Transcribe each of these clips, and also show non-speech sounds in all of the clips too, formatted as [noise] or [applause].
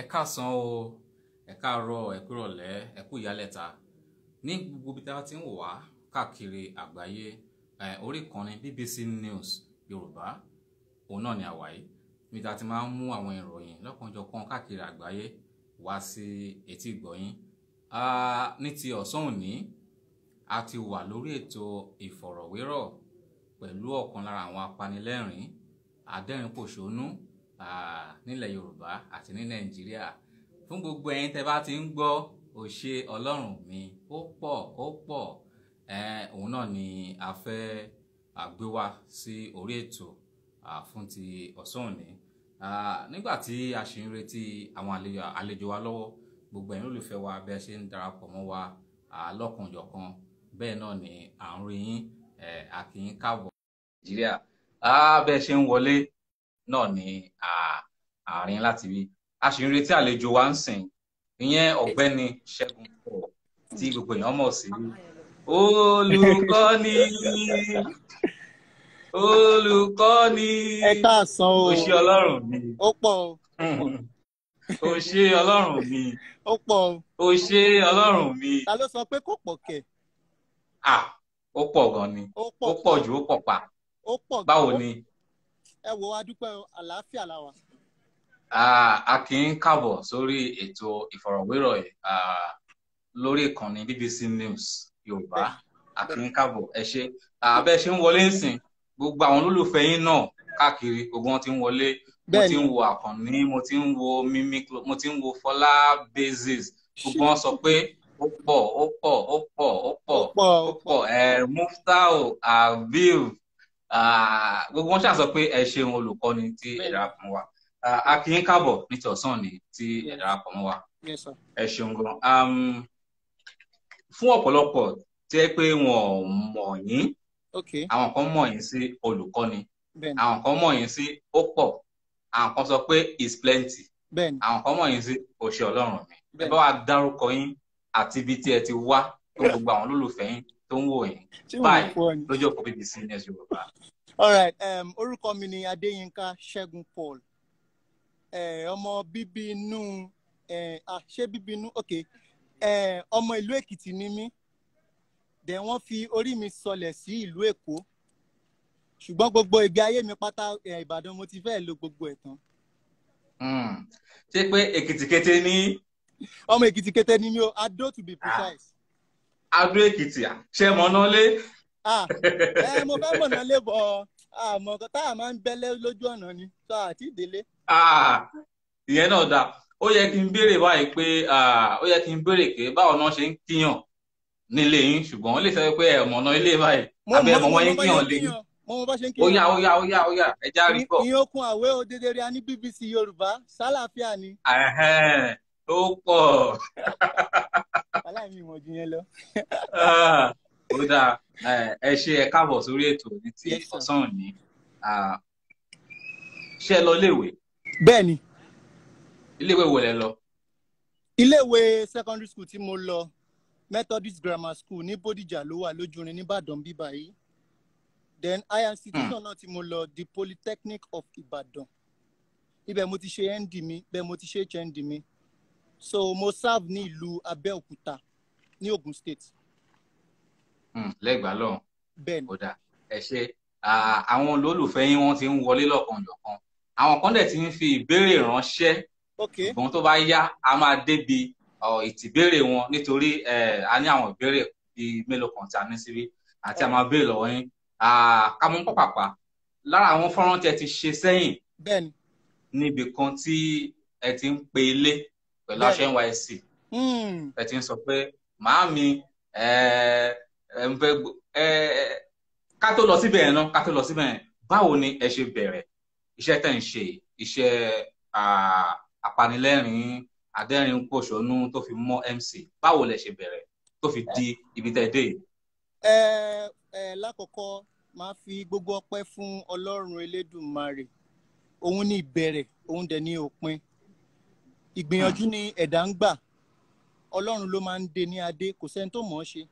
ẹ káàsán o ẹ káàárọ̀ ẹ kúrọ̀lẹ́ ẹ kú ìyálẹ̀ta ní gbogbo ibi tá a ti ń wà káàkiri àgbáyé orí ìkànnì BBC News Yorùbá òun náà ni àwáyé níbi tá a ti máa ń mú àwọn ìròyìn lọ́kànjọ̀kan káàkiri àgbáyé wá sí etí ìgbọ̀yín ní ti ọ̀sán òní a ti wà lórí ètò ìfọ̀rọ̀wérọ̀ pẹ̀lú ọ̀kan lára àwọn apanilẹ́rìn-ín adẹ́rìn-pòṣónú nílẹ̀ Yorùbá àti ní Nàìjíríà fún gbogbo ẹ̀yin tẹ́ bá ti ń gbọ́ òṣè Ọlọ́run mi ó pọ̀ ó pọ̀ òun náà ni a fẹ́ àgbéwá sí orí ètò fún ti ọ̀sán òní nígbà tí a ṣì ń retí àwọn àlejò wa lọ́wọ́ gbogbo ẹ̀yin olùfẹ́ wa bẹ́ẹ̀ ṣe ń darapọ̀ mọ́ wa lọ́kànjọ̀kan bẹ́ẹ̀ náà ni à ń rí yín a kí yín káàbọ̀ Nàìjíríà bẹ́ẹ̀ ṣe ń wọlé náà ní àárín láti rí a sì ń retí àlejò wa ń sìn ìyẹn ọ̀gbẹ́ni Ṣẹ́gun pọ̀ tí gbogbo èèyàn mọ̀ sí olùkọ́ni olùkọ́ni ẹ káàsán o òṣì ọlọ́run mi ó pọ̀ o òṣì ọlọ́run mi ó pọ̀ o òṣì ọlọ́run mi. ta ló sọ pé kò pọ̀ kẹ̀. ah ó pọ̀ gan ni ó pọ̀ jù ó pọ̀ pa báwo ni ẹ wò adúpẹ́ àlàáfíà la wà. a kì í káàbọ̀ sórí ètò ìfọ̀rọ̀wérọ̀ lórí ìkànnì BBC News Yorùbá a kì í káàbọ̀ ẹ ṣe abẹ́ ṣe ń wọlé ń sìn gbogbo àwọn olólùfẹ́ yín náà káàkiri gbogbo wọn ti ń wọlé mo ti ń wo àkànní mo ti ń wo mímí mo ti ń wo fọlá basis gbogbo wọn sọ pé ó pọ̀ ó pọ̀ ó pọ̀ ó pọ̀ ó pọ̀ ẹ Muftau Aviv Ah, gbogbo wọn ṣàṣọ pé ẹ ṣeun olùkọ́ni tí ẹ darapọ̀ mọ́ wa ah, a kí yín káàbọ̀ ní tọ̀sán ni tí ẹ darapọ̀ mọ́ wa ẹ ṣeun gan um, fún ọ̀pọ̀lọpọ̀ tí ẹ pé wọn ò mọ̀ yín àwọn kan mọ̀ yín sí olùkọ́ni àwọn kan mọ̀ yín sí ó pọ̀ àwọn kan sọ pé is plenty àwọn kan mọ̀ yín sí òṣè ọlọ́run mi ẹ bá wa dárúkọ yín àti ibi tí ẹ ti wá tó gbogbo àwọn olólùfẹ́ yín tó ń wò yín báyìí lójú ọkọ BBC News Yorùbá. alright um, orúkọ mi ni Adéyínká Ṣẹ́gun Paul ọmọ bíbí inú ṣé bíbí inú ok ọmọ ìlú Èkìtì ni mí dẹ̀ wọ́n fi orí mi sọlẹ̀ sí ìlú Èkó ṣùgbọ́n gbogbo ìgbé ayé mi pátá Ìbàdàn mo ti fẹ́ lo gbogbo ẹ̀ tán. Hmm. ṣé pé Èkìtì kété ní. ọmọ Èkìtì kété ni mí o Adó to be precise adó èkìtì ṣe mọ̀nálé. ẹ mo fẹ́ mọ̀nálé bọ̀ àmọ́ tá a máa ń bẹ́lẹ́ lójú ọ̀nà ni sọ àti ìdílé. ìyẹn náà dáa ó yẹ kí n béèrè báyìí pé ó yẹ kí n béèrè pé báwo náà ṣe ń kíyàn nílé yín ṣùgbọ́n ó lè sọ pé ẹ̀ mọ̀nà ilé báyìí àbẹ̀ ẹ̀ mọ̀mọ́ yín kíyàn lé ó yá ó yá ó yá ó yá ẹ já rí bọ. ìyẹn okun àwẹ òdedere a ní BBC Yorùbá sálàáfíà ni. ó pọ̀ [laughs] wàhálà mi mọ̀ ju yẹn lọ. Ah, ó dáa ẹ ṣe ẹ káàbọ̀ sórí ètò ní tí ọ̀sán òní ṣe lọ iléèwé. bẹ́ẹ̀ni. iléèwé wo lẹ lọ. iléèwé secondary school tí mo lọ methodist grammar school ní bódìjà ló wà lójúrin nìbàdàn bíbá yìí then higher institution hmm. náà tí mo lọ the polytechnic of ibadan ibẹ̀ mo ti ṣe nd mi ibẹ̀ mo ti ṣe hnd mi so mo serve ní ìlú Abẹ́òkúta ní Ogun State. Hmm, lẹ́gbàá lọ́hùn. bẹ́ẹ̀ni. kódà ẹ ṣe àwọn olólùfẹ́ yín wọ́n ti ń wọlé lọ́kànjọ̀kan àwọn kan dẹ̀ ti ń fi ìbéèrè ránṣẹ́ ìbọn tó bá yá a máa débi ìtìbéèrè wọn nítorí a ní àwọn ìbéèrè bíi mélòó kan tí a ní síbí àti àwọn abéèrè lọ́wọ́ yín ká mú pàpàpà lára àwọn fọ́nrán tí ẹ ti ṣe sẹ́yìn níbi kan tí ẹ ti ń pe ilé pẹ̀lú aṣọ NYSC hmm. ẹ ti ń sọ pé màámi ẹ ẹ ń fẹ́ ẹ ká tó lọ síbẹ̀ yẹn náà ká tó lọ síbẹ̀ yẹn báwo ni ẹ ṣe bẹ̀rẹ̀ iṣẹ́ tẹ̀ ń ṣe iṣẹ́ apanilẹ́rìn-ín adẹ́rìn-ín-pọ̀ṣọ́nú tó fi mọ́ MC báwo lẹ ṣe bẹ̀rẹ̀ tó fi di ibi tẹ́ dé ẹ ẹ lákọ̀ọ́kọ́ máa fi gbogbo ọpẹ́ fún Ọlọ́run Elédùmarè òun ni ìbẹ̀rẹ̀ òun dẹ̀ ni òpin ìgbìyànjú ah. ni ẹ̀dá ń gbà ọlọ́run ló máa ń de ní adé kò sẹ́ni tó mọ̀ ọ́ ṣe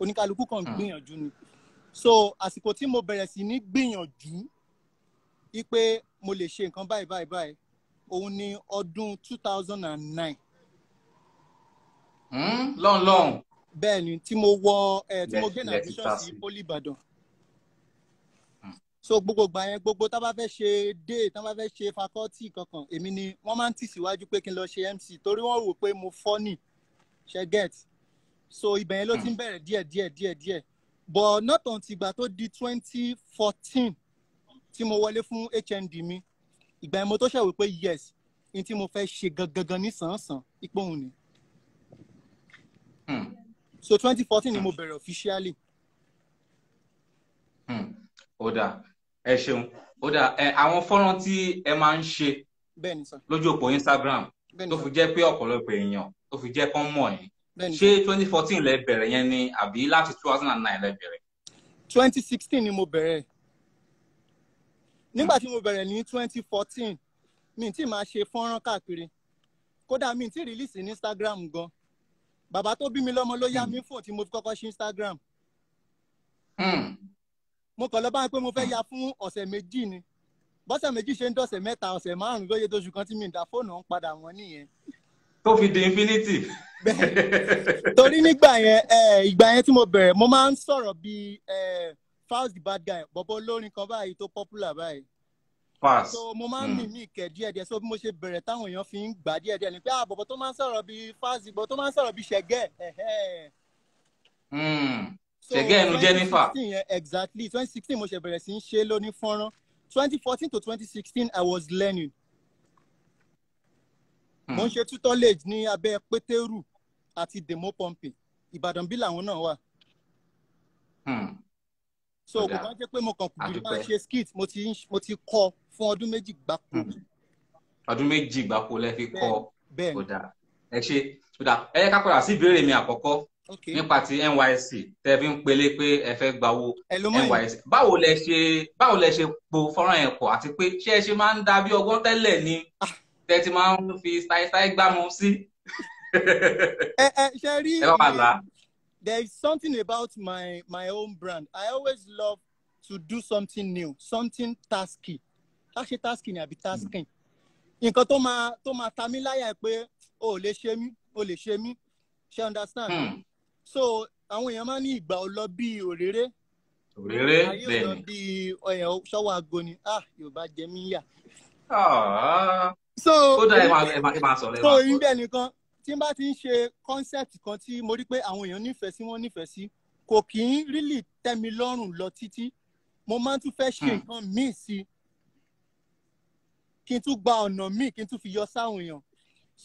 oníkálukú kan ah. gbìyànjú ni so àsìkò tí mo bẹ̀rẹ̀ sí ní gbìyànjú wípé mo lè ṣe nǹkan báyìí báyìí báyìí òun ni ọdún two thousand and nine. Hmm? lọ́n bẹ́ẹ̀ ni tí mo wọ ẹ̀ eh, tí mo gé nàìjíríà sí poli so gbogbo gbà yẹn gbogbo tá bá fẹ́ ṣe day tá bá fẹ́ ṣe fakọ́tì kankan èmi ni wọ́n máa ń tìsíwájú pé kí n lọ ṣe MC torí wọ́n rò pé mo funny ṣe get so ibẹ̀ yẹn ló ti ń bẹ̀rẹ̀ díẹ̀ díẹ̀ díẹ̀ díẹ̀ but not until ìgbà tó di twenty fourteen tí mo wọlé fún HND mi ìgbà yẹn mo tó ṣàwé pé yes n tí mo fẹ́ ṣe gangan ní sàn-án ipò òun ni. Hmm. so 2014 fourteen ni mo bẹ̀rẹ̀ officially. Hmm. ó dáa ẹ ṣeun ó dà ẹ àwọn fọ́nrán tí ẹ máa ń ṣe lójú òpó Instagram tó fi jẹ́ pé ọ̀pọ̀lọpọ̀ èèyàn tó fi jẹ́ kán mọ̀ yín ṣé twenty fourteen lẹ bẹ̀rẹ̀ yẹn ni àbí láti two thousand and nine lẹ bẹ̀rẹ̀. twenty sixteen ni mo bẹ̀rẹ̀ nígbà tí mo bẹ̀rẹ̀ ní twenty fourteen mi tí máa ṣe fọ́nrán káàkiri kódà mi tí rìlíìsì ní Instagram gan bàbá tó bí mi lọ́mọ ló yá mi hmm. fò tí mo fi kọ́kọ́ ṣe Instagram. Hmm mo kàn lọ bá ń pé mo fẹ́ ya fún ọ̀sẹ̀ méjì ni bọ́sẹ̀ méjì ṣe ń dọ̀sẹ̀ mẹ́ta ọ̀sẹ̀ márùn lóye tóṣù kan tí mi ń da fóònù ń padà wọ́n nìyẹn. tó fi di infinity. torí nígbà yẹn ìgbà yẹn tí mo bẹ̀rẹ̀ mo máa ń sọ̀rọ̀ bíi Falz the bad guy bọ̀bọ̀ olórin kan báyìí tó popular báyìí. Falz so mo máa ń hmm. mì mí ìkẹ́ díẹ̀díẹ̀ so bí mo ṣe bẹ̀rẹ̀ táwọn èèyàn fi ń gbà díẹ̀díẹ̀ ni pé àbọ̀bọ̀ ah, tó máa ń sọ̀rọ̀ bíi Falz ìbọn tó máa ń sọ̀rọ̀ bíi ṣẹ̀gẹ́ ṣẹ̀gẹ́ ẹnu Jennifer. exactly twenty sixteen mo ṣe bẹ̀rẹ̀ sí ṣe lóní fọ́nrán twenty fourteen to twenty sixteen I was learning. Hmm. mo ń ṣe tutelage ní abẹ́ pétérù àti demo pumping Ìbàdàn bí làwọn náà wà. Hmm. so kò bá jẹ́ pé mo kàn kùdìrí máa ṣe skit mo ti kọ́ fún ọdún méjì gbáko. Hmm. ọdún méjì gbáko lẹ fi kọ́ ọ kódà ẹ ṣe kódà ẹ yẹ ká padà sí ìbéèrè mi àkọ́kọ́ nípa ti NYSC tẹ́ ń pele pé ẹ fẹ́ gba owó NYSC báwo lẹ ṣe báwo lẹ ṣe po fọ́nrán yẹn pọ̀ àti pé ṣé ẹ ṣe máa ń da bí ọgbọ́n tẹ́lẹ̀ ni ah. tẹ́ máa ń fi ṣáíṣáí gbámu sí. [laughs] ẹ ẹ ṣe rí there is something about my my own brand I always love to do something new something tasky táṣe tasky ni àbí tasking hmm. nǹkan tó máa tó máa ta mí láyà pé o ò lè ṣe mí o lè ṣe mí ṣe understand. Mm so àwọn èèyàn máa ń ní ìgbà ọlọ bíi òréré òréré bẹ́ẹ̀ ni bíi ọyàn sọ́wọ́ aago ni ah yorùbá jẹ mí yà. Ah. so kódà ẹ máa sọ̀rọ̀ ẹ máa so ìbẹ̀ nìkan tí n bá ti ń ṣe concept kan tí mo rí pé àwọn èèyàn nífẹ̀ẹ́ sí wọ́n nífẹ̀ẹ́ sí kò kì í rílì tẹ́ lọ́rùn lọ títí mo máa ń tún fẹ́ ṣe hmm. nǹkan míì sí i kí n tún gba ọ̀nà míì kí n tún fi yọ sáwọn èèyàn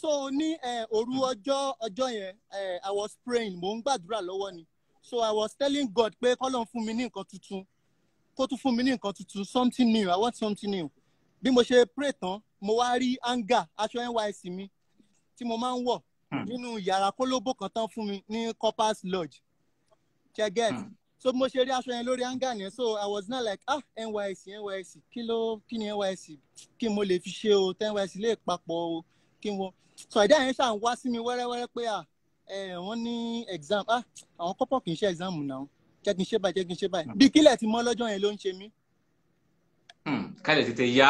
so ní eh, òru ọjọ́ ọjọ́ yẹn eh, i was praying mo ń gbàdúrà lọ́wọ́ ni so i was telling god pé kọ́lọ́n fún mi ní nǹkan tuntun kó tún fún mi ní nǹkan tuntun something new i want something new bí mo ṣe pray tán mo wá rí anga aṣọ nysc mi tí mo máa ń wọ̀ hmm. nínú yàrá kólóbó kan tán fún mi ní corpus lodge cheget hmm. so mo ṣe rí aṣọ yẹn lórí anga yẹn so i was not like ah nysc nysc kí ló kí ni nysc kí mo lè fi ṣe o nysc lè papọ̀ o kí n wọ sọ ẹ̀dá yẹn ṣáà ń wá sí mi wẹ́rẹ́wẹ́rẹ́ pé à wọ́n ní exam ah àwọn kọ́pọ̀ kì í ṣe exam náà jẹ́ kí n ṣe báyìí jẹ́ kí n ṣe báyìí bí kílẹ̀ ti mọ́ lọ́jọ́ yẹn ló ń ṣe mí. Hmm, kálẹ̀ tètè yá.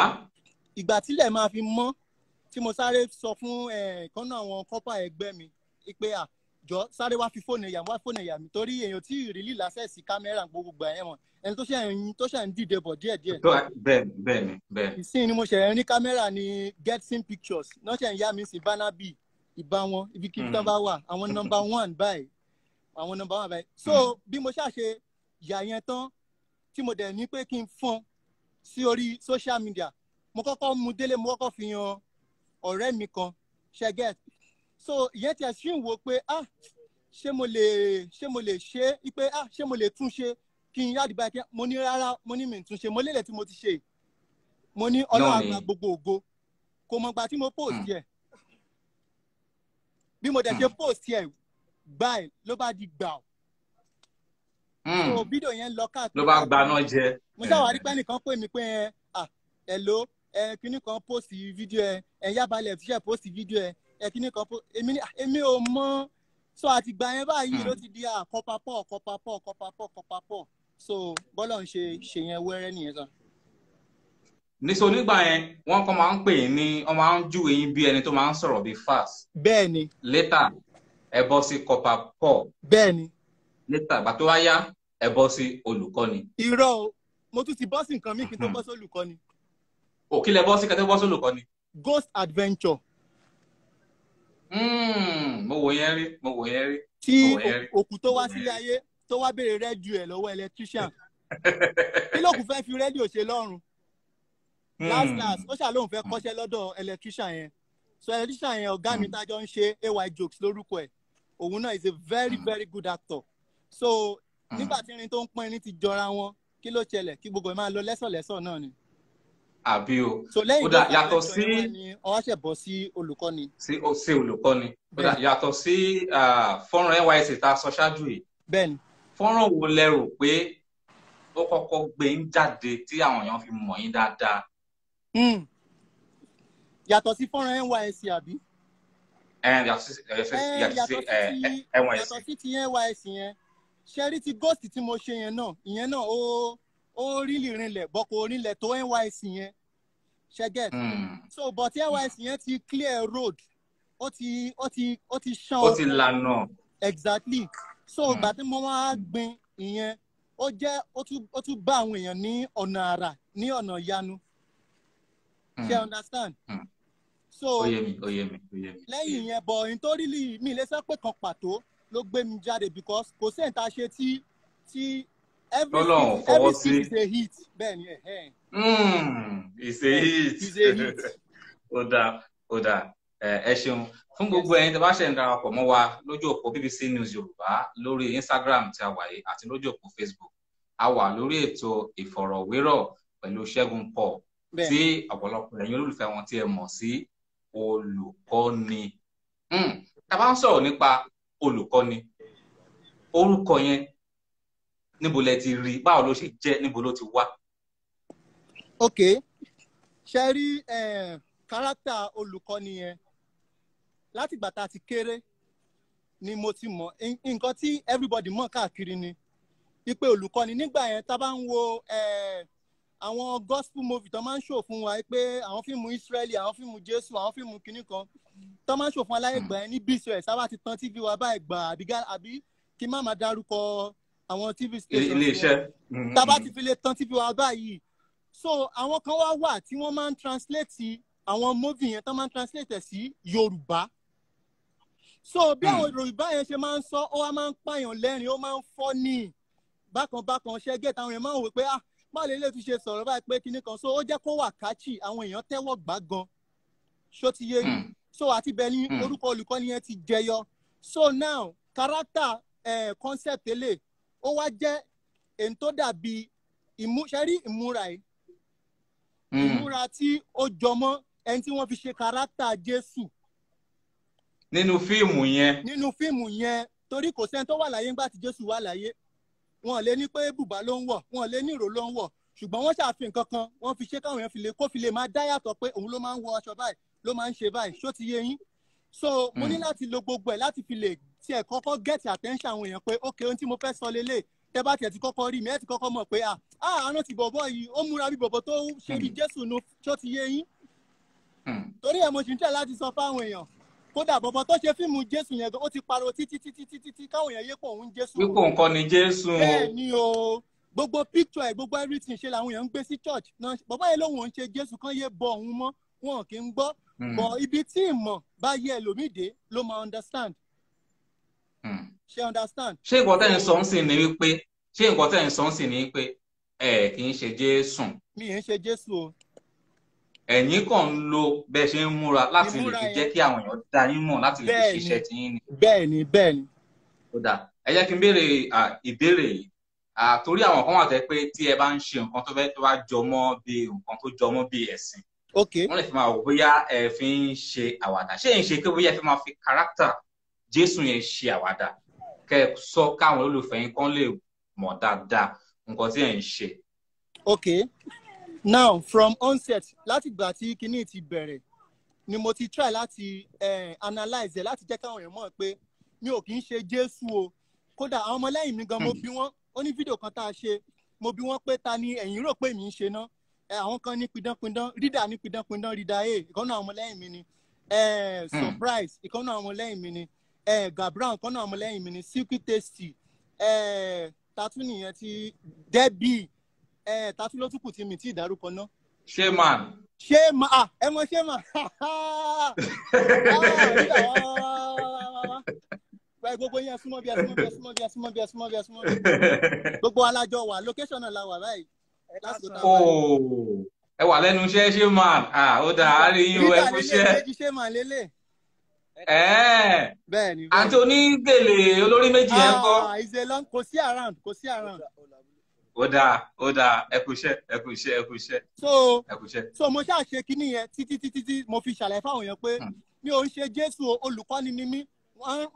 ìgbà tílẹ̀ máa fi mọ́ tí mo sáré sọ fún kọ́nà àwọn kọ́pà ẹgbẹ́ mi pé à jọ sáré wá fi fóònù ẹ̀yà mi wá fóònù ẹ̀yà mi torí èèyàn tí ìrírí lásẹ̀sì kámẹ́rà gbogbo gbà ẹ̀ wọ̀n ẹni tó ṣe ń tó ṣe ń dìde bọ̀ díẹ̀ díẹ̀. bẹ́ẹ̀ni bẹ́ẹ̀ni bẹ́ẹ̀ni. ìsìn ni mo ṣe rí kámẹ́rà ní getsin pictures náà ṣe ń yá mi sí banabi ìbá wọn ibi kí tán hmm. bá wà àwọn nọ́mbà one báyìí àwọn nọ́mbà one báyìí. so hmm. bí mo ṣàṣe yà yẹn tán tí mo dẹ̀ ní pé kí n fọn sí orí social media mo kọ́kọ́ mu délé mo kọ́kọ́ fi hàn ọ̀rẹ́ mi kan ṣẹ́gẹ́t so ìyẹn tí a ṣì ń wo pé ah ṣé mo lè ṣé mo lè ṣe pé ah ṣé mo lè tún ṣe kí n yáàdì báyìí mo ní rárá mo ní mi tún ṣe mo lélẹ̀ tí mo ti ṣe mo ní ọlọ́run àgbà gbogbo ògo kò mọ̀gbà tí mo post hmm. yẹ bí mo dẹ̀ ṣe hmm. post yẹ báyìí ló bá di gbà ó hmm. so fídíò yẹn lọ káàkiri ló bá gbaná jẹ mo ṣàwọn àdìpẹ́ nìkan pè mí pé ah, ẹ ẹ ló ẹ kíní kan post fídíò ẹ ẹ yábàálẹ̀ fi post fídíò ẹ ẹ̀kíní kan pọ̀ èmi èmi ò mọ̀ so àtìgbà yẹn báyìí hmm. ló ti di àkọ́papọ̀ kọ́papọ̀ kọ́papọ̀ kọ́papọ̀ so bọ́lọ̀ ń ṣe ṣe yẹn wẹ́rẹ́ nìyẹn kan. níṣó nígbà yẹn wọ́n kàn máa ń pè é ní wọ́n máa ń júwe yín bí ẹni tó máa ń sọ̀rọ̀ bíi fast. bẹ́ẹ̀ni. Later, ẹ bọ́ sí kọ́papọ̀. bẹ́ẹ̀ni. létà ìgbà tó wá yá ẹ bọ́ sí olùkọ́ni. irọ́ o mo tún ti bọ́ sí nǹkan míì kí n tó hmm. bọ́ sí olùkọ́ni. òkìlẹ̀ bọ́ sí kẹ́tẹ́ bọ́ sí olùkọ́ni. ghost adventure. Hmm, mo wò yẹn rí mo wò yẹn rí. tí òkú tó wá sílé ayé tó wá béèrè rẹ́díò ẹ̀ lọ́wọ́ electrician kí lóòkù fẹ́ fi rẹ́díò ṣe lọ́rùn hmm. last last ó ṣàlóhùn fẹ́ kọ́ṣẹ́ lọ́dọ̀ electrician yẹn so electrician yẹn ọ̀gá mi hmm. tájọ ń ṣe ay jokes lórúkọ ẹ̀ òun náà is a very very good actor so nígbà tí irin tó ń pọ́n ẹni ti jọra wọn kí ló ṣẹlẹ̀ kí gbogbo ẹ̀ máa lọ lẹ́sọ̀lẹ́sọ̀ náà ni àbí o kódà yàtọ̀ sí ọwọ́ ṣẹ̀ bọ́ sí olùkọ́ni. sí olùkọ́ni kódà yàtọ̀ sí fọ́nrán NYSC tá a sọ ṣáájú yìí. bẹ́ẹ̀ni. fọ́nrán wo lẹ rò pé ó kọ́kọ́ gbé ń jáde tí àwọn èèyàn fi mọ̀ yín dáadáa. Hmm. yàtọ̀ sí fọ́nrán NYSC àbí. yàtọ̀ sí NYSC. ti NYSC yẹn ṣe rí ti ghost tí mo ṣe yẹn náà ìyẹn náà ó ó rí ìrìnlẹ̀ bọ́ kò rinlẹ̀ tó NYSC yẹn ṣẹ́gẹ̀ hmm. so but NYSC yẹn ti clear road ó ti ó ti ó ti ṣan ó ti lànà exactly so hmm. ìgbà tí mo máa gbìn ìyẹn ó jẹ́ ó tún bá àwọn èèyàn ní ọ̀nà àrà ní ọ̀nà ìyanu ṣe hmm. understand mm. so lẹ́yìn yẹn bọ̀ nítorí mi lè sọ pé kan pàtó ló gbé mi jáde because kò sí ẹ̀ta ṣe tí tí everything everything is a hit bẹ́ẹ̀ yeah. ẹ̀. Hmm, is a hit [laughs] ó dáa ó dáa ẹ ṣeun fún gbogbo ẹ̀yin tí a bá ṣe ń darapọ̀ mọ́ wa lójú òpó BBC News Yorùbá lórí Instagram tí a wà yìí àti lójú òpó Facebook a wà lórí ètò ìfọ̀rọ̀wérọ̀ pẹ̀lú Ṣẹ́gun Paul tí ọ̀pọ̀lọpọ̀ ẹ̀yin olólùfẹ́ wọn tí ẹ mọ̀ sí olùkọ́ni hmm, tá a bá ń sọ̀rọ̀ nípa olùkọ́ni orúkọ yẹn níbo lẹ ti rí báwo ló ṣe jẹ́ níbo ló ti wá. ok ṣe rí kárátà olùkọ́ni yẹn látìgbà tá a ti kéré ni mo ti mọ̀ nǹkan tí everybody mọ̀ káàkiri ni ipe olùkọ́ni nígbà yẹn tá a bá ń wo àwọn gospel movie tó máa ń show fún wa pé àwọn fíìmù Israeli àwọn fíìmù Jésù àwọn fíìmù kinní kan tó máa ń show fún aláìgbà yẹn ní bcs sábà ti tan tv wa báyìí gbà àbí kí má máa dárúkọ àwọn tv station iléeṣẹ́ mm-hmm. tábà ti fi lè tan tv wa báyìí so àwọn kan wá wà tí wọ́n máa ń translate àwọn movie yẹn tán máa ń translate ẹ̀ sí yorùbá so bí àwọn hmm. yorùbá yẹn ṣe máa ń sọ ó wá máa ń pààyàn lẹ́rìn ó máa ń fọ́ ní bákan bákan ṣẹ́gẹ́ táwọn yẹn máa ń wò pé ah má lè lè fi ṣe sọ̀rọ̀ báyìí pé kinní kan so ó jẹ́ kó wà káàkì àwọn èèyàn tẹ́wọ̀ gbá gan ṣó ti yé ni hmm. so àti bẹ́ẹ̀ ni hmm. orúkọ olùkọ́ni yẹn ti jẹyọ so now character eh, concept eléyìí ó wá jẹ́ èyí tó dàbí ìmúṣẹ́rí ìmúra ẹ̀ hmm. ìmúra tí ó jọmọ́ ẹni tí wọ́n fi ṣe kárátà Jésù. nínú fíìmù yẹn. nínú fíìmù yẹn torí kò sẹ́ni tó wà láyé ńgbà tí Jésù wà láyé wọn lè ní pé bùbá ló ń wọ̀ wọn lè ní ìró ló ń wọ̀ ṣùgbọ́n wọ́n ṣàfihàn kankan wọ́n fi ṣe káwọn èèyàn fi lè kó fi lè máa dá yàtọ̀ pé òun ló máa ń wọ aṣọ báyìí ló máa ń ṣe báyìí ṣó ti yé yín so mo hmm. ní láti lo gbogbo ẹ̀ láti fi lè tí ẹ kọ́kọ́ gẹ̀tì àtẹ́ńṣà àwọn èèyàn pé ókè ohun tí mo fẹ́ sọ lélẹ̀ tẹ bá tiẹ̀ ti kọ́kọ́ rí mi ẹ ti kọ́kọ́ mọ̀ pé ah àárọ̀ ti bọ̀bọ̀ yìí ó múra bí bọ̀bọ̀ tó ṣe bí hmm. Jésù nu tó ti yé yín hmm. torí ẹ̀ mo ṣì ń tẹ̀ láti sọ fáwọn èèyàn kódà bọ̀bọ̀ tó ṣe fíìmù Jésù yẹn ó ti pariwo títí títí títí tí káwọn èèyàn yé pé òun Jésù. wípé òun kọ́ ni Jésù. bẹ́ẹ̀ ni o gbogbo picture ẹ̀ gbogbo everything ṣe làwọn èèyàn ń gbé sí church náà bọ̀bọ̀ yẹn lòun ò ń ṣe Jésù kan yé bọ òun mọ́ wọn kì í gbọ́ hmm. bọ̀ ibi tí ìmọ̀ bá yẹ ẹlòmídé ló máa understand ṣe hmm. understand. ṣé nǹkan tẹ́ ń sọ ń sìn ni wípé ṣé nǹkan tẹ́ ń sọ ń sìn ni wípé ẹ kì í ṣe jésù. mi ì ń ṣe jésù o. ẹ̀yin kàn ń lo bẹ́ẹ̀ ṣe ń múra láti lè fi jẹ́ kí àwọn èèyàn dá yín mọ̀ láti lè fi ṣiṣẹ́ tí yín ni. bẹ́ẹ̀ ni bẹ́ẹ̀ ni. ó dà ẹ jẹ́ kí n béèrè ìbéèrè yìí torí àwọn kan wà tẹ́ pé tí ẹ bá ń ṣe nǹkan tó fẹ́ tó bá jọmọ́ bí nǹkan tó jọmọ́ bí ẹ̀sìn. ok wọ́n lè fi máa wò bóyá ẹ fi ń ṣe àwàdà ṣé ń ṣe pé bóyá ẹ fi máa fi káràkítà jésù yẹn ṣe àwàdà kẹ sọ káwọn olólùfẹ́ yín kan lè mọ̀ dáadáa nǹkan tí ẹ̀ ń ṣe. ok now from onset látìgbà tí kinní ti bẹ̀rẹ̀ ni mo ti try láti analyze ẹ̀ láti jẹ́ káwọn èèyàn mọ̀ pé mi ò kì í ṣe jésù o kódà àwọn ọmọlẹ́yìn mi gan mo hmm. bi wọ́n ó ní fídíò kan tá a ṣe mo bi wọ́n pé ta ni ẹ̀yin rò pé mi ń ṣe náà àwọn kan ní pidánpidán rídà ní pidánpidán rídà a ìkànnà àwọn ọmọlẹ́yìn mi ni hmm. surprise ìkànnà àwọn ọmọlẹ́yìn mi ni Eh, Gabran kan náà ọmọlẹ́yìn mi ní Silky Tasty eh, tatu nìyẹn ti Debbie eh, tatu ló tún kù tí mi tí ìdárúkọ náà. ṣé màá. ṣé màá ah, ẹ mọ ṣé màá. [laughs] Ah, gbogbo yẹn súnmọ́ bí ẹ súnmọ́ bí ẹ súnmọ́ bí ẹ súnmọ́ bí ẹ súnmọ́ bí ẹ súnmọ́ bí [laughs] gbogbo alájọ wà location náà la wà báyìí oh, ẹ wà lẹ́nu iṣẹ́ ṣé màá ah, ó dáa á rí yín ẹ kú iṣẹ́. ṣé màá lélẹ̀ bẹ́ẹ̀ ni. àti onígèlè olórí méjì yẹn kọ́. ìṣe ah, lọ kò sí around kò sí around. ó dáa ó dáa ẹ kú iṣẹ́ so ẹ so mo ṣáà ṣe kinní yẹn títí títí tí mo fi ṣàlàyé fáwọn èèyàn pé hmm. mi ò ń ṣe jésù olùkọ́ni ni mí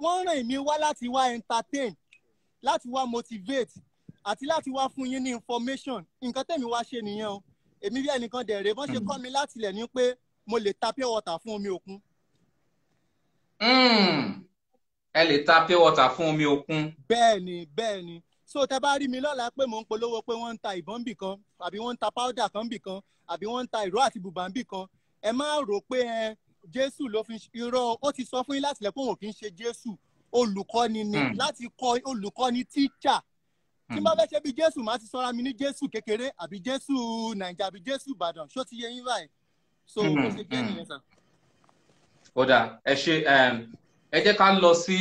wọ́n ràn mí wá láti wá entertain láti wá motivate àti láti wá fún yín ní information nǹkan tẹ̀mí wá ṣe nìyẹn o èmi bí ẹnìkan dẹ̀ rè bọ́n ṣe hmm. kọ́ mi látilẹ̀ ni pé mo lè ta pure water fún omi òkun Hmm. ẹ lè ta pure water fún omi òkun. bẹ́ẹ̀ni bẹ́ẹ̀ni so tẹ bá rí mi lọ́la pé mò ń polówó pé wọ́n ń ta ìbọn bì kan àbí wọ́n ń ta powder kan bì kan àbí wọ́n ń ta ìró àti bùbá bì kan ẹ má rò pé ẹ jésù ló fi irọ́ ó ti sọ fún yín láti lẹ̀ pé òun kì í ṣe jésù olùkọ́ni ni hmm. láti kọ́ olùkọ́ni tíṣà tí bá hmm. fẹ́ ṣe bí jésù máa ti sọ́ra mi ní jésù kékeré àbí jésù nàìjà àbí jésù ìbàdàn ṣó ti yẹ yín báyìí so bó ṣe jẹ́ nìyẹn sà ó dáa ẹ ṣe um, ẹ jẹ́ ká lọ sí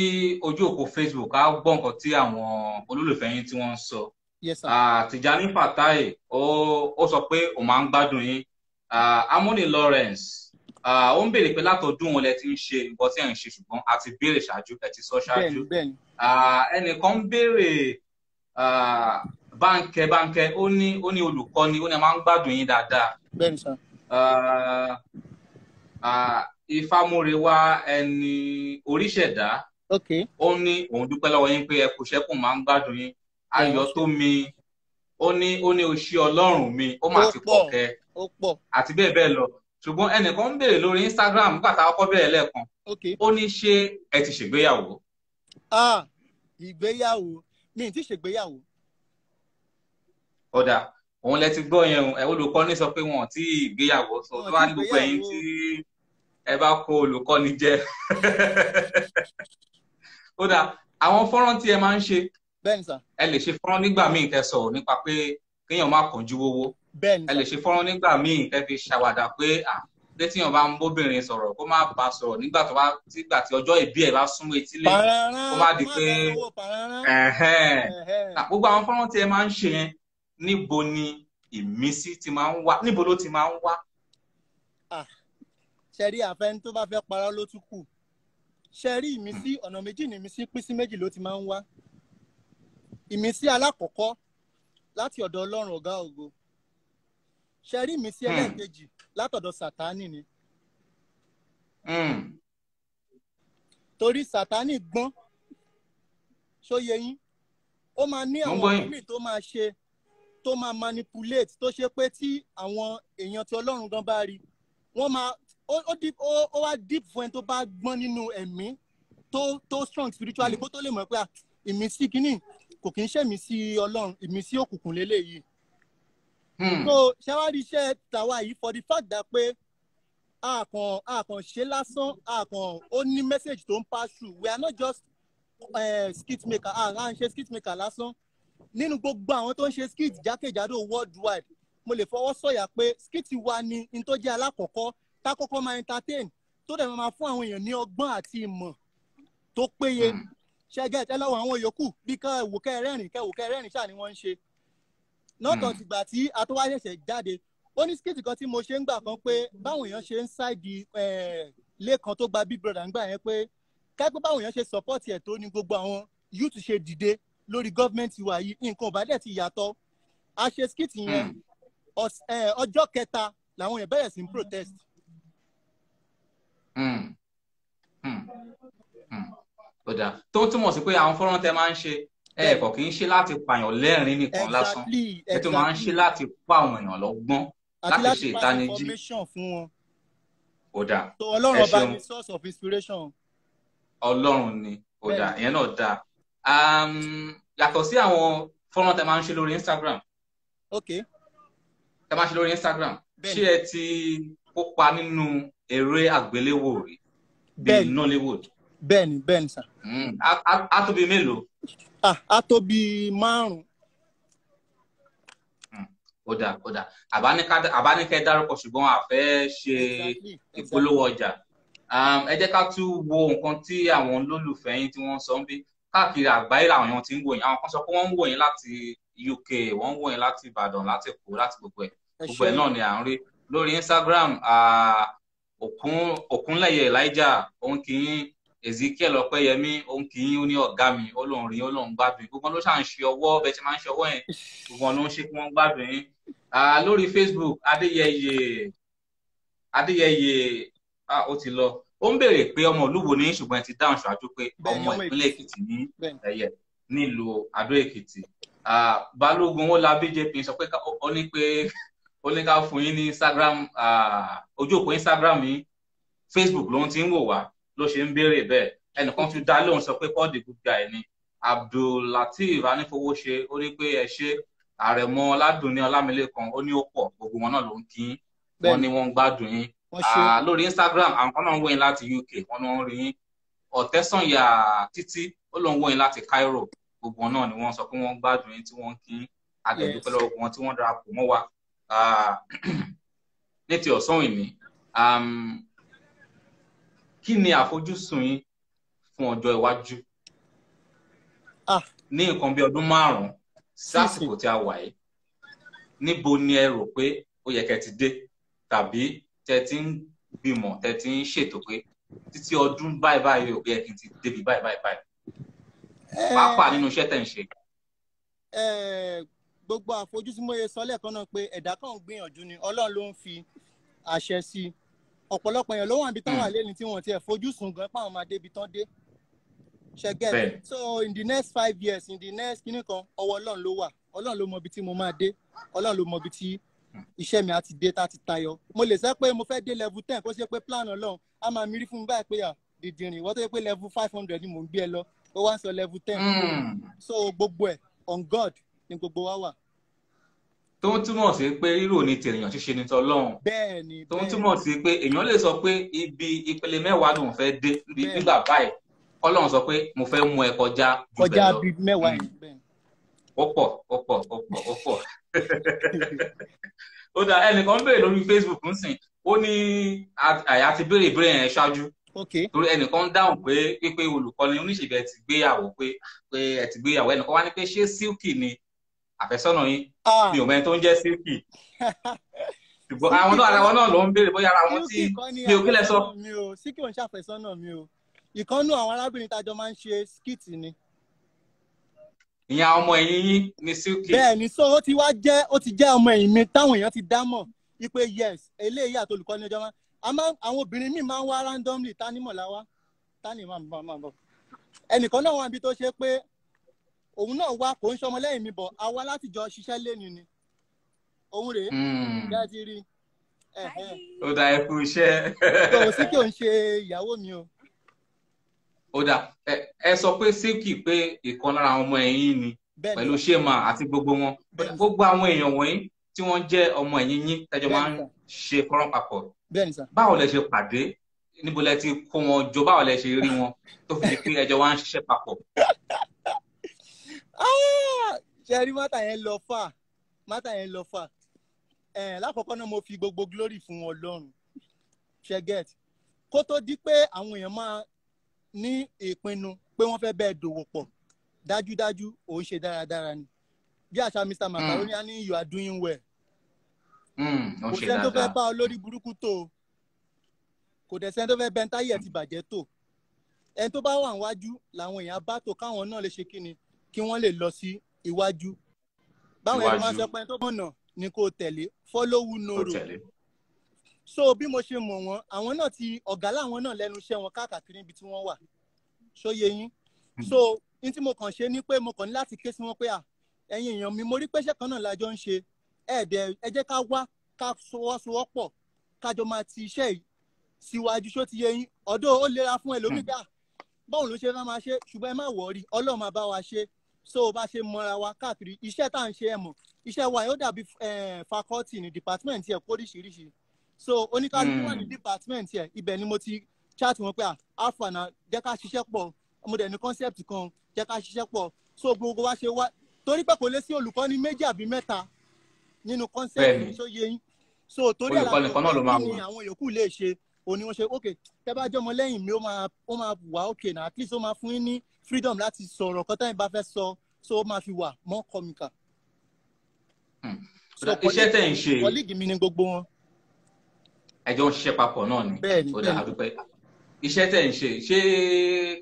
ojú òpó Facebook ká gbọ́ nǹkan tí àwọn olólùfẹ́ yín tí wọ́n ń sọ. Ah, Tìjàní Fatai ó sọ pé òun máa ń gbádùn yín ah, Amóni Lawrence ah, ó ń béèrè pé látọdún wọn lẹ ti ń ṣe nǹkan tí ẹ ń ṣe ṣùgbọ́n a ti béèrè ṣáájú ẹ ti sọ ṣáájú ẹnìkan ń béèrè báńkẹ báńkẹ ó ní ó ní olùkọ́ ó ní máa ń gbádùn yín dáadáa. Ifámúrewá ẹni oríṣẹ̀dá ó ní òun dúpẹ́ lọ́wọ́ yín pé ẹ kò ṣẹ́kù máa ń gbádùn yín ayọ̀ tó mi ó ní ó ní oṣù ọlọ́run mi ó mà ti pọ̀ kẹ́ àti bẹ́ẹ̀ bẹ́ẹ̀ lọ ṣùgbọ́n ẹnìkan ń béèrè lórí Instagram nígbà tá a kọ́ bẹ̀rẹ̀ lẹ́ẹ̀kan ó ní ṣé ẹ ti ṣègbéyàwó. ah ìgbéyàwó mi ì ti ṣègbéyàwó. ọ̀dà òun lẹ ti gbọ́ yẹn o olùkọ́ ní sọ pé wọn ò tí ì gbéyàwó sọ tó bá ní gbogbo tí ẹ bá kó olùkọ́ni jẹ ó dáa àwọn fọ́nrán tí ẹ máa ń ṣe ẹ lè ṣe fọ́nrán nígbà míì tẹ́ sọ̀rọ̀ nípa pé kéèyàn má kánjú owó ẹ lè ṣe fọ́nrán nígbà míì tẹ́ fi ṣàwàdà pé pé tíyàn bá ń bóbìnrin sọ̀rọ̀ kó má bá a sọ̀rọ̀ nígbà tó bá nígbà tí ọjọ́ ìbí ẹ̀ bá súnmọ́ etílé kó má di pé gbogbo àwọn fọ́nrán tí ẹ máa ń ṣe yẹn níbo ni ìmísí ti máa ń wá níbo ló ti máa ń wá ṣẹ̀rí àfẹ́ni tó bá fẹ́ para ló tún kù ṣẹ̀rí ìmísí ọ̀nà méjì ní ìmísí pín sí méjì ló ti máa ń wá ìmísí alákọ̀ọ́kọ́ láti ọ̀dọ̀ ọlọ́run ọ̀gá ògo ṣẹ̀rí ìmísí hmm. ẹlẹ́ẹ̀kejì látọ̀dọ̀ sàtánì ni hmm. torí sàtánì gbọ́n ṣóye yín ó máa ní àwọn ìmí tó máa ṣe tó máa manipulate tó ṣe pé tí àwọn èèyàn ti ọlọ́run gan bá rí wọ́n máa ó deep ó wá deep fún ẹni tó bá gbọ́n nínú ẹ̀mí tó tó strong spiritually kó tó lè mọ̀ pé ah, ìmísí kínní kò kí ń ṣẹ̀mí sí ọlọ́run ìmísí òkùnkùn lélẹ́yìí. Hmm. so ṣẹ́wárí iṣẹ́ tàwa yìí for the fact that pé àkàn àkàn ṣe lásán àkàn ó ní message tó ń pass through we are not just uh, skit maker à ń ṣe skit maker lásán nínú gbogbo àwọn tó ń ṣe skit jákèjádò worldwide mo lè fọwọ́ sọ̀yà pé skit wa ni n tó jẹ́ alákọ̀ọ́kọ́ tá kọ́kọ́ máa entertain tó dẹ̀ máa fún àwọn èèyàn ní ọgbọ́n àti ìmọ̀ tó péye hmm. ṣẹ́gẹ́ ẹ lọ́wọ́ àwọn yòókù bí kẹ́ wò kẹ́ rẹ́rìn kẹ́ wò kẹ́ rẹ́rìn ṣáà ni wọ́n ń ṣe hmm. lọ́tọ̀ tìgbà tí atọ́wá ṣẹ̀ṣẹ̀ jáde ó ní skit kan tí mo ṣe ń gbà kan pé báwọn èèyàn ṣe ń ṣáìdì lẹ́kan tó gba big brother ń gbà yẹn pé kẹ́gbẹ́ báwọn èèyàn ṣe support ẹ̀ tó ní gbogbo àwọn youth ṣe dìde lórí government wa yìí nǹkan ò bá dẹ̀ ti yàtọ̀ a ṣe skit yẹn hmm. ọjọ́ kẹta làwọn èèyàn bẹ̀rẹ̀ sí protest. Hmm. Hmm. Hmm. ó dáa tó túmọ̀ sí pé àwọn fọ́nrán tẹ máa ń ṣe ẹ̀ẹ̀kọ̀ kì í ṣe láti pààyàn lẹ́rìn nìkan lásán ẹ tó máa ń ṣe láti pa àwọn èèyàn lọ́gbọ́n láti ṣe ìtanijí ó dáa ẹ ṣeun ọlọ́run ni ó dáa ìyẹn náà dáa um, yàtọ̀ sí àwọn fọ́nrán tẹ máa ń ṣe lórí Instagram tẹ máa ń ṣe lórí Instagram ṣé ẹ ti kópa nínú eré àgbéléwò rí bíi Nollywood. bẹ́ẹ̀ni bẹ́ẹ̀ni sà. Hmm. a tó bíi mélòó. Ah, a tó bíi márùn. Hmm. ó dà ó dà àbáníkẹ́ dárúkọ ṣùgbọ́n a fẹ́ ṣe ìpolówó ọjà um, ẹ jẹ́ ká tún wo nǹkan tí àwọn olólùfẹ́ yín tí wọ́n sọ ń bí káàkiri àgbáyé làwọn èèyàn ti ń wò àwọn kan sọ pé wọ́n ń wò láti UK wọ́n ń wò láti Ìbàdàn láti Èkó láti gbogbo ẹ̀ gbogbo ẹ̀ náà ni à ń rí lórí Instagram uh, òkun òkúnlẹ̀yẹ elijah òun kì í ezekiel ọpẹyẹmí òun kì í ó ní ọ̀gá mi ó lóun rí ó lóun gbádùn gbogbo ló ṣà ṣe ọwọ́ bẹ́ẹ̀ ṣe máa ń ṣe ọwọ́ yẹn gbogbo ló ń ṣe kí wọ́n gbádùn yín lórí facebook adéyẹyẹ adéyẹyẹ ó ti lọ ó ń béèrè pé ọmọ olúwo ní ṣùgbọ́n ẹ ti dáhùn ṣáájú pé ọmọ ìpínlẹ̀ èkìtì ní ẹ̀yẹ nílùú adó èkìtì balógun ó la bjp sọ pé ó ní pé ó ní ká fún yín ní Instagram ojú òpó Instagram yín Facebook ló ń ti ń wò wá ló ṣe ń béèrè bẹ́ẹ̀ ẹnìkan fi dá lóhùn sọ pé paul the good guy ni Abdulateef anífowóṣe ó ní pé ẹ ṣe àrẹ̀mọ ládùnní ọlámilékan ó ní ó pọ̀ gbogbo wọn náà ló ń kí wọn ni wọ́n ń gbádùn yín lórí Instagram àwọn kan náà ń wọ̀nyí láti UK wọn náà ń rí yín ọ̀tẹ́sànyà títí ó ló wọ̀nyí láti Cairo gbogbo wọn náà ni wọ́n sọ pé wọ́n ń gbádùn yín tí wọ́n ń kí àgbẹ̀dúpẹ́ lọ́wọ́ wọn tí wọ́n darapọ̀ mọ́ wa Ah, ní ti ọ̀sán òní um, kí ni àfojúsùn yín fún ọjọ́ iwájú ah. ní nǹkan bí ọdún márùn-ún sásìkò tí a wà yìí níbo ni ẹ rò pé ó yẹ kẹ́ ti dé tàbí tẹ́ ti ń gbìmọ̀ tẹ́ ti ń ṣètò pé títí ọdún báyìí báyìí ò bí ẹ kì í ti débi báyìí báyìí báyìí eh. pàápàá nínú iṣẹ́ tẹ́ ń ṣe eh, gbogbo àfojúsùmọ̀ye sọ lẹ́ẹ̀kan náà pé ẹ̀dá kan gbìyànjú ni ọlọ́run ló ń fi àṣẹ sí i ọ̀pọ̀lọpọ̀ èèyàn ló wà níbi táwọn hmm. àlẹ́ ni tí wọ́n ti ẹ̀ fojúsùn gan páwọn máa débi tán dé ṣẹgẹ́ so in the next five years in the next kíní kan ọwọ́ ọlọ́run ló wà ọlọ́run ló mọ ibi tí mo máa dé ọlọ́run ló mọ ibi tí iṣẹ́ mi àti dé tá ti tayọ mo lè sẹ́ pé mo fẹ́ dé level ten kó ṣe pé plan ọlọ́run á máa mírí fún mi báyìí pé à dìdìrìn ìwọ́n tó yẹ pé level five hundred ni mò ń gbé ẹ lọ ó wá ń sọ level ten hmm. so gbogbo ẹ̀ on God ni gbogbo wa wà. tó ń túmọ̀ sí pé rírò ni tèèyàn ṣíṣe ni tọlọ́run tó ń túmọ̀ sí pé èèyàn lè sọ pé ibi ìpele mẹ́wàá lòun fẹ́ dé nígbà báyìí Ọlọ́run sọ pé mo fẹ́ mú ẹ kọjá jù bẹ́ẹ̀ lọ kọjá bíi mẹ́wàá yìí mm. bẹ́ẹ̀. ó pọ̀ ó pọ̀ ó pọ̀ ó pọ̀ [laughs] ó dà ẹnìkan ń béèrè lórí Facebook ń sìn ó ní àyà ti béèrè ìbéèrè yẹn ṣáájú torí ẹnìkan dáhùn pé pípé olùkọ́ni oníṣègbè ẹ ti gbéyàwó pé pé ẹ ti gbéyàwó ẹnìkan wá ní pé ṣé Silky ni àfẹ́sọ́nà yín ah. mi ò mẹ́ni tó ń jẹ́ sílkì [laughs] ṣùgbọ́n àwọn náà ara wọn náà ló ń béèrè bóyá ara wọn tí mi ò kílẹ̀ sọ. mi ò síkì òun ṣàfẹ́sọ́nà mi o ìkànnù àwọn arábìnrin tájọ máa ń ṣe skìtì ni. ìyẹn àwọn ọmọ ẹ̀yìn yín ni sílkì. bẹ́ẹ̀ so ó ti wá jẹ́ ó ti jẹ́ ọmọ ẹ̀yìn mi táwọn èèyàn ti dá mọ̀ ipe yes eléyìí àti olùkọ́ ní ọjọ́ máa àwọn obìnrin míì máa ń wá randomly tani mọ̀láwá tani máa ń bọ̀ ẹnìkan náà wọn àbí tó ṣe pé òun náà wá kò ń ṣọmọ lẹ́yìn mi bọ̀ àwa láti jọ ṣiṣẹ́ lẹ́nu ni òun rèé ìyá hmm. ti rí ó dà ẹ kú iṣẹ́. tòun sí kí òun ṣe ìyàwó mi o. ó dà ẹ sọ pé síkì pé ìkan lára ọmọ ẹ̀yìn ni pẹ̀lú ṣéèmà àti gbogbo wọn gbogbo àwọn èèyàn wọ̀nyí tí wọ́n jẹ́ ọmọ ẹ̀yìn yín tẹ́jọ máa ń ṣe kọ́rọ́ papọ̀ báwo lẹ ṣe pàdé níbo lẹ ti kó wọn jọ báwo lẹ ṣe rí wọn tó fi pé ẹjọ wa ń ṣiṣẹ́ papọ̀. Ah! ṣẹ́rí mátà yẹn lọ fà mátà yẹn lọ fà lákọ̀ọ́kọ́ náà mo fi gbogbo glory fún ọlọ́run ṣẹ́gẹ́t kó tó di pé àwọn èèyàn máa ní ìpinnu pé wọ́n fẹ́ bẹ́ẹ̀ dòwò pọ̀ dájúdájú òun ṣe dáradára ni bí àṣà Mr hmm. Macaroni á ní you are doing well hmm, kò sẹ́ni tó fẹ́ bá ọ lórí burúkú tó kò dẹ̀ sẹ́ni tó fẹ́ bẹ́ńtáyẹ̀ ti bàjẹ́ tó ẹni tó bá wà níwájú làwọn èèyàn bá tó káwọn náà lè ṣe kí ni kí wọ́n lè lọ sí iwájú báwọn ẹni wọn sọ pé tó mọ̀nà ni kò tẹ̀lé fọ́lọ́wù noro so bí mo ṣe mọ̀ wọ́n àwọn náà ti ọ̀gá láwọn náà lẹ́nu iṣẹ́ wọn káàkiri níbi tí wọ́n wà ṣó yé yín hmm. so n tí mo kàn ṣe ni pé mo kàn ní láti ké sí wọn pé à ẹ̀yin èèyàn mi mo rí pé iṣẹ́ kan náà la jọ ń ṣe ẹ̀ẹ́dẹ̀ ẹ jẹ́ ká wá ká sọwọ́sowọ́pọ̀ kájọ máa ti iṣẹ́ yìí síwájú ṣó ti yé yín ọ̀dọ́ ó lera fún ẹlòmíì hmm. báwo ló ṣe fẹ́ máa ṣe ṣùgbọ́n ẹ má wọ̀ọ́rí ọlọ́run máa bá wa ṣe so bá ṣe mọra wa káàkiri iṣẹ́ tá à ń ṣe ẹ̀ mọ̀ iṣẹ́ wa yóò dàbí faculty ni department yẹ kó oríṣiríṣi so oníkálukú hmm. wà ní department yẹ ibẹ̀ ni mo ti chat wọn pé alpha na jẹ́ ká ṣiṣẹ́ pọ̀ mo dẹ̀ ní concept kan jẹ́ ká ṣiṣẹ́ pọ̀ so gbogbo wa ṣe wá torí pé kò lè sí olùkọ́ ní méjì àbí mẹ́ta nínú concept yìí tó yé yín so torí àlàyé àwọn yòókù lè ṣe òní wọn ṣe ok tẹ́ bá jọmọ lẹ́yìn mi ó máa wà ok na at least ó máa fún yín ní freedom láti sọ̀rọ̀ kọ́tà yìí bá fẹ́ sọ so ó máa fi wà mọ́ kọ́mìkà. Hmm. iṣẹ́ tẹ̀ ń ṣe kọ́líìgì mi ni gbogbo wọn. ẹ jọ ń ṣiṣẹ́ papọ̀ náà ni ó dà àdúpẹ́ iṣẹ́ tẹ̀ ń ṣe ṣé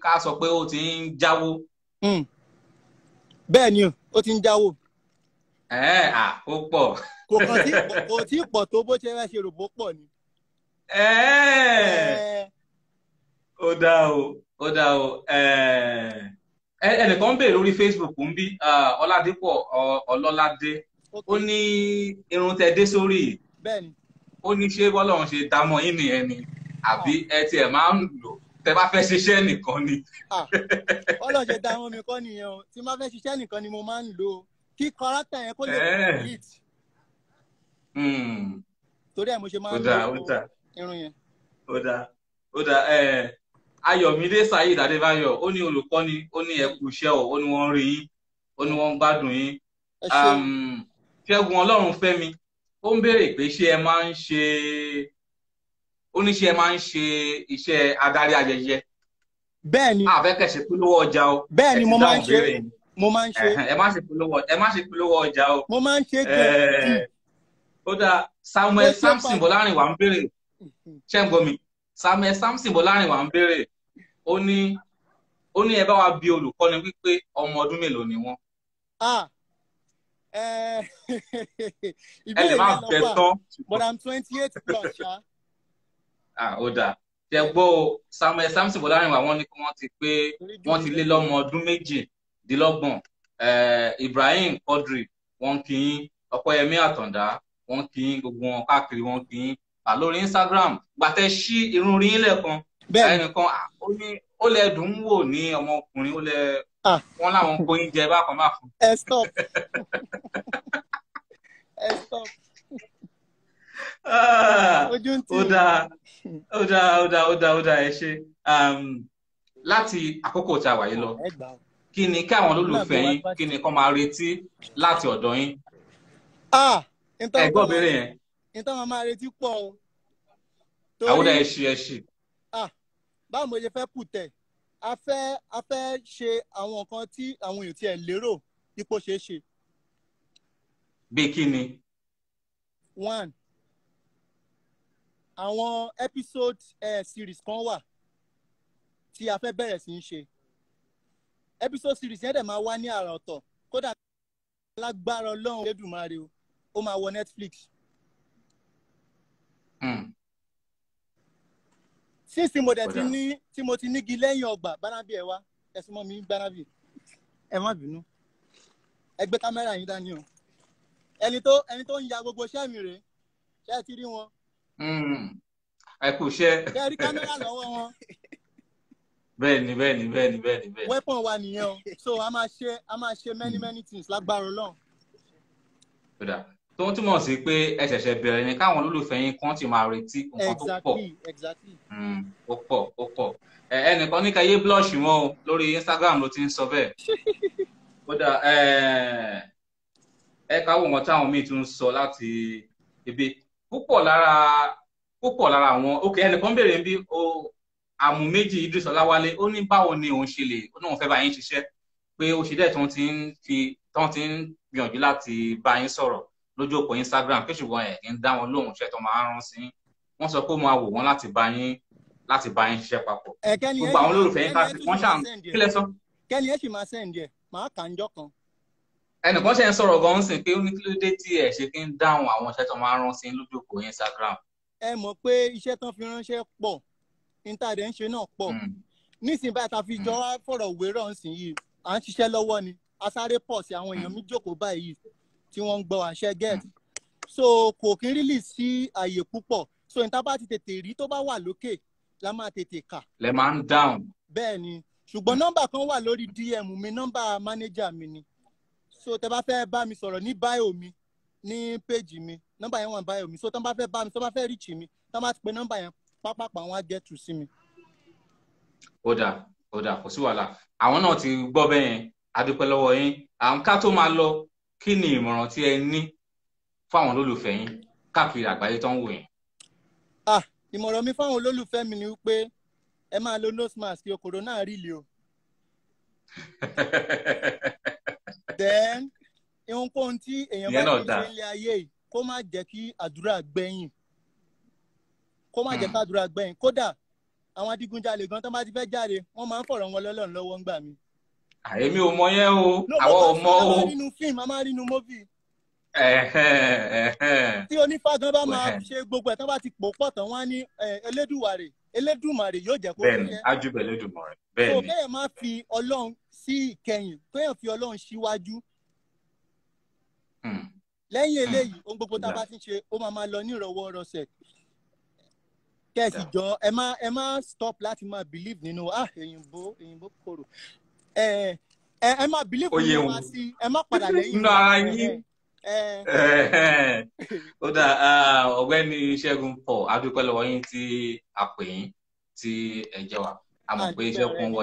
ká sọ pé ó ti ń jáwó. Hmm. bẹ́ẹ̀ ni ó ti ń jáwó. ẹ à ó pọ̀. kò tí ì pọ̀ tó bó ṣe fẹ́ ṣe rògbò pọ̀ ni ó dá o ó dá o eh, eh, ẹnìkan ń béèrè lórí Facebook ń bí Ọládépọ̀ Ọlọ́ládé ó ní irun tẹ dé sórí ó ní ṣé bọ́lọ́run ṣe dámọ̀ yín nìyẹn ni àbí ah. ẹ tiẹ̀ máa ń lò tẹ bá fẹ́ ṣiṣẹ́ nìkan ni. Ah, bọ́lọ̀ ṣe dámọ̀ mi kọ́ nìyẹn o tí n bá fẹ́ ṣiṣẹ́ nìkan ni mo máa ń lò ó kí kọ́rọ́tà yẹn kó lè eh. complete hmm. torí ẹ̀ mo ṣe máa ń lò irun yẹn. ó dáa ó dáa ayọ̀mídé saheed adébáyọ̀ ó ní olùkọ́ni ó ní ẹ̀kú iṣẹ́ ọ̀ ó ní wọ́n ń rí yín ó ní wọ́n ń gbádùn yín um, ṣẹ́gun ọlọ́run fẹ́mi ó ń béèrè pé ṣé ẹ máa ń ṣe ó ní ṣé ẹ máa ń ṣe iṣẹ́ adarí ayẹyẹ bẹ́ẹ̀ni àfẹ́kẹ̀ṣe ah, polówó ọjà o bẹ́ẹ̀ni mo máa ń ṣe mo máa ń ṣe ẹ má ṣe polówó ẹ má ṣe polówó ọjà o mo máa ń ṣe kí ó dáa samuel samson bọ́lárìnwá ń béèrè mm-hmm. ṣẹ́gun mi samuel eh, samson bọlárinwá ń béèrè ó ní ó ní ẹ bá wa bi olùkọ́ni wípé ọmọ ọdún mélòó ni wọ́n. [laughs] ẹ lè má bẹ tán. but i'm twenty eight plus [laughs] ṣá. ó dáa tẹ gbọ́ o samuel eh, samson bọlárinwá wọ́n ní kí wọ́n ti pé wọ́n ti lé lọ́mọ ọdún méjìdínlọ́gbọ̀n eh, ibrahim quadri wọ́n kì í ọ̀pọ̀yẹmí àtàndá wọ́n kì í gbogbo wọn káàkiri wọ́n kì í lórí Instagram gbàtẹ sí irun rí lẹ́ẹ̀kan ẹnìkan ó lẹ dùn ún wò ní ọmọkùnrin ó lẹ wọn làwọn kó oúnjẹ bákan bá fún. ẹ stop [laughs] ẹ stop. Ah, ojú ń tì í. ó dáa ó dáa ó dáa ó dáa ó dáa ẹ ṣe um, láti àkókò tá a wà yìí lọ kí ni kí àwọn olólùfẹ́ yín kí ni kó máa retí láti ọ̀dọ̀ yín. Ah, ẹ̀gbọ́n bèrè yẹn ní táwọn máa retí pọ̀ o. àwòrán ẹ ṣe ẹ ṣe. báwo mo ṣe fẹ́ kù tẹ̀ a fẹ́ a fẹ́ ṣe àwọn nǹkan tí àwọn èèyàn tiẹ̀ lérò ipò ṣeé ṣe. bí kí ni. one àwọn episode uh, series kan wà tí a fẹ́ bẹ̀rẹ̀ sí í ṣe episode series yẹn dẹ̀ máa wá ní àrà ọ̀tọ̀ kódà lágbára ọlọ́run Olódùmarè o ó máa wọ Netflix. Hmm. sísìn mo dẹ̀ ti ní tí mo ti nígi lẹ́yìn ọgbà gbanabi ẹ̀ wa. ẹ̀sùn mọ́ mi gbanabi ẹ má bínú ẹ gbé kámẹ́rà yín dání o ẹni tó ẹni tó ń ya gbogbo iṣẹ́ mi rèé ṣé ẹ ti rí wọn. Hmm. ẹ kú iṣẹ́. ṣé ẹ rí kámẹ́rà lọ́wọ́ wọn. bẹ́ẹ̀ni bẹ́ẹ̀ni bẹ́ẹ̀ni bẹ́ẹ̀ni bẹ́ẹ̀ni. weapon wa nìyẹn o so a máa ṣe a máa ṣe many many things lágbára Ọlọ́run tó ń túmọ̀ sí pé ẹ ṣẹ̀ṣẹ̀ bẹ̀rẹ̀ ni káwọn olólùfẹ́ yín kan ti máa retí nǹkan tó pọ̀ hmm, ó pọ̀ ó pọ̀ ẹnìkan ní káyé blush mọ́ o lórí Instagram ló ti ń sọ bẹ́ẹ̀ kódà [laughs] ẹ káwọ nǹkan táwọn míì tún ń sọ láti ibi púpọ̀ lára púpọ̀ lára àwọn òkè ẹnìkan béèrè ń bí o àmù méjì Idris Ọláwálé ó ní báwo ni òun ṣe lè ó náà fẹ́ bá yín ṣiṣẹ́ pé ó ṣe dẹ́ tó ti ń fi tó ti ń gbìyànjú láti bá yín sọ̀rọ̀ lójú òpó Instagram pé ṣùgbọ́n ẹ̀ kì í dá wọn lóhùn iṣẹ́ tó máa ń rán sí wọ́n sọ pé ó máa wò wọ́n láti bá yín láti bá yín ṣiṣẹ́ papọ̀ gbogbo àwọn olólùfẹ́ yín káàsì wọ́n ṣàn kí lẹ sọ. kẹ́ni ẹ sì máa sẹ́ǹdì ẹ̀ máa kà ń jọ kan. ẹnìkan ṣe ń sọ̀rọ̀ gan-an sìn pé ó ní kí ló dé tí ẹ̀ ṣe kí ń dáhùn àwọn iṣẹ́ tó máa ń rán sí lójú òpó Instagram. ẹ mọ̀ pé iṣẹ́ tán fi ránṣẹ́ pọ̀ níta dẹ̀ ń ṣe náà pọ̀ hmm. nísìnyí báyìí ta fi jọ hmm. fọ̀rọ̀ wérọ̀ nsìn yìí à ń ṣiṣẹ́ lọ́wọ́ ni a sáré pọ̀ sí àwọn èèyàn hmm. mi jókòó báyìí tí wọ́n ń gbọ́ àṣẹ get mm. so kò kí n rílì sí àyè púpọ̀ so níta bá ti tètè rí tó bá wà lókè la máa tètè kà. lè máa ń dáhùn. bẹ́ẹ̀ ni ṣùgbọ́n nọ́mbà kan wà lórí dm mi nọ́mbà mánéjà mi ni so tẹ bá fẹ́ bá mi sọ̀rọ̀ ní báyò mi ní péjì mi nọ́mbà yẹn wà ní báyò mi so tọ́ bá fẹ́ bá mi tọ́ bá fẹ́ ríchì mi tọ́ bá ti pe nọ́mbà yẹn pápápá wọn á get through sí mi. ó dà ó dà kò sí wàhálà àwọn náà ti gbọ́ bẹ́ẹ̀ yẹn a dúpẹ́ lọ́wọ́ yín àwọn ká tó máa lọ kí ni ìmọ̀ràn tí ẹ ní fáwọn olólùfẹ́ yín káàkiri àgbáyé tó ń wò yín. ah ìmọ̀ràn mi fáwọn olólùfẹ́ mi ni wípé ẹ máa lo nose mask o corona rí li o. then ohunkóhun tí èèyàn bá ti ṣe ilé ayé yìí kó má jẹ́ kí àdúrà gbẹ̀yìn kó má jẹ́ hmm. kí àdúrà gbẹ̀yìn kódà àwọn adigunjalè gan tó bá ti fẹ́ jáde wọ́n máa ń fọ̀rọ̀ wọn lọ́lọ́run lọ́wọ́ ńgbà mi èmi ò mọ o àwọn ò mọ o. tí onífàgán bá máa ṣe gbogbo ẹ̀ tán bá ti pò pọ̀ tán wá ní elédùwàrè elédùmarè yóò jẹ́ kó rí yẹn. ajúbẹ elédùmarè bẹ́ẹ̀ni. tó bẹ́ẹ̀ máa fi ọlọ́run sí ìkẹyìn kéèyàn fi ọlọ́run síwájú. Hmm. lẹ́yìn hmm. eléyìí ohun gbogbo tá a bá ti ṣe ó máa máa lọ ní ìrọ̀wọ́ rọsẹ̀ kẹ́sì jọ ẹ má ẹ má stop láti máa believe nínú ah èyìnbó èyìnbó korò ẹ má bílẹ̀ fún mi sí ẹ má padà lẹ́yìn náà yín [laughs] ó dà ọ̀gbẹ́ni Ṣẹ́gun Paul adúpẹ́ lọ́wọ́ yín tí yín tí ẹ wa a pé iṣẹ́ kún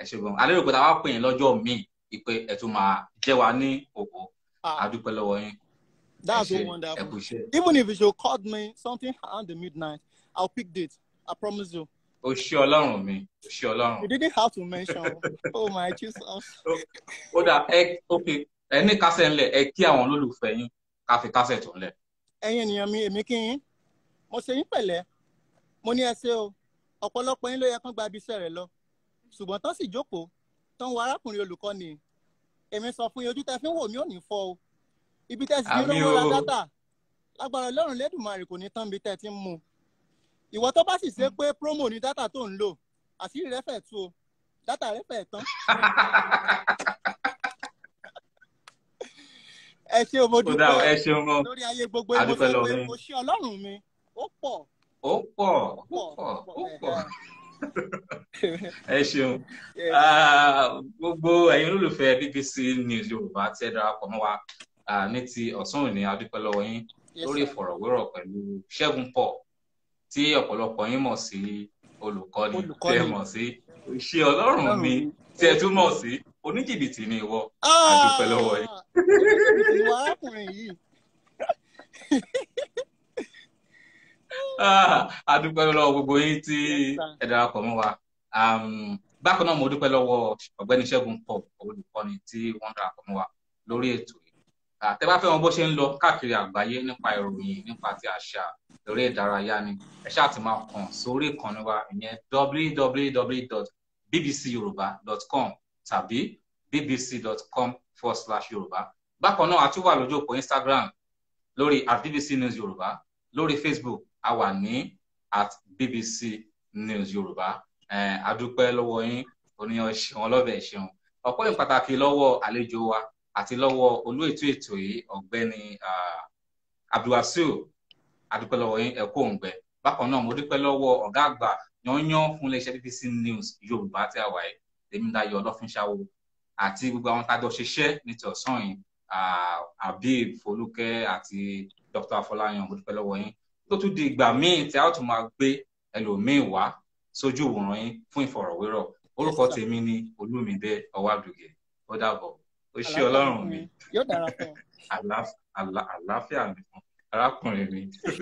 ẹ ṣe alẹ́ òkúta wa pè yín lọ́jọ́ míì ìpè ẹ máa jẹ́ wa ní òkú adúpẹ́ ah. lọ́wọ́ yín. That's so wonderful. Even if you should call me something around the midnight, I'll pick date. I promise you o ṣé ọlọ́run mi o ṣé ọlọ́run. you didn't have to mention oh my Jesus. ó dà ẹ ok ẹ ní kásẹ̀ ńlẹ̀ ẹ kí àwọn olólùfẹ́ yín ká fi kásẹ̀ tó ńlẹ̀. ẹ̀yin ènìyàn mi èmi kí yín mo ṣe yín pẹ̀lẹ́ mo ní ẹsẹ̀ o ọ̀pọ̀lọpọ̀ yín ló yẹ kán gba ibi iṣẹ́ rẹ̀ lọ ṣùgbọ́n tán sì jókòó tán wọ arákùnrin olùkọ́ ni èmi sọ fún yín ojú tẹ fi ń wò mí ò ní fọ́ o ibi tẹ sì ní lówó ìwọ tó bá sì ṣe hmm. pé promo ni dátà tó ń lò àṣírí rẹ fẹ̀ tú o dátà rẹ fẹ̀ tán. [laughs] ẹ ṣe mo dúpẹ́ lórí ayé gbogbo ẹ mo fẹ́ pé mo ṣe ọlọ́run mi ó pọ̀. ó pọ̀ ó pọ̀ ó pọ̀ [laughs] ẹ ṣeun ah, gbogbo ẹ̀yin olólùfẹ́ BBC News Yorùbá tí ẹ darapọ̀ mọ́ wa ah, ní ti ọ̀sán òní a dúpẹ́ lọ́wọ́ yín lórí ìfọ̀rọ̀wérọ̀ pẹ̀lú Ṣẹ́gun Paul tí ọ̀pọ̀lọpọ̀ yín mọ̀ sí olùkọ́ni tí ẹ mọ̀ sí iṣẹ́ ọlọ́run mi tí ẹ tún mọ̀ sí oníjìbìtì ni ìwọ a ah! dúpẹ́ lọ́wọ́ yìí. ìwà ọkùnrin yìí. a dúpẹ́ lọ́wọ́ gbogbo yín tí ẹ darapọ̀ mọ́ wa um, bákan náà mo dúpẹ́ lọ́wọ́ ọ̀gbẹ́ni Ṣẹ́gun pọ̀ olùkọ́ni tí wọ́n darapọ̀ mọ́ wa lórí ètò yìí àtẹ́bá fẹ́ wọn bó ṣe ń lọ káàkiri àgbáyé nípa ìròyìn nípa ti àṣà eré ìdárayá ni ẹ ṣáà ti máa kàn sórí ìkànnì wa ìyẹn www.bbcyoruba.com tàbí bbc.com/yoruba bákan náà a tún wà lójú òpó Instagram lórí at bbc news yorùbá lórí Facebook a wà ní at bbc news yorùbá eh, a dúpẹ́ lọ́wọ́ yín oníyan ṣeun ọlọ́bẹ̀ ṣeun ọ̀pọ̀ ìpàtàkì lọ́wọ́ àlejò wa àti lọ́wọ́ olú ètò ètò yìí ọ̀gbẹ́ni abdulwasil adúpẹ́ lọ́wọ́ yín ẹ̀kọ́ òǹgbẹ bákan náà mo dúpẹ́ lọ́wọ́ ọ̀gá àgbà yanyan fún iléeṣẹ́ BBC News Yorùbá tí a wà yìí Tèmídáyọ̀ Ọlọ́fínṣáwó àti gbogbo àwọn tájọ ṣiṣẹ́ nítorí ọ̀sán yìí Habib Folúkẹ́ àti Dr. Afọláyan mo dúpẹ́ lọ́wọ́ yín tó tún di ìgbà míì tí a ó tún máa gbé ẹlòmíì wá sójú òwòrán yín fún ìfọ̀rọ̀wérọ̀ orúkọ tèmi ni Olúmídé Ọwádùgẹ̀ ó dàbọ̀ ó ṣe ọlọ́run mi yóò dára àlàáfíà mi fún arákùnrin mi [laughs]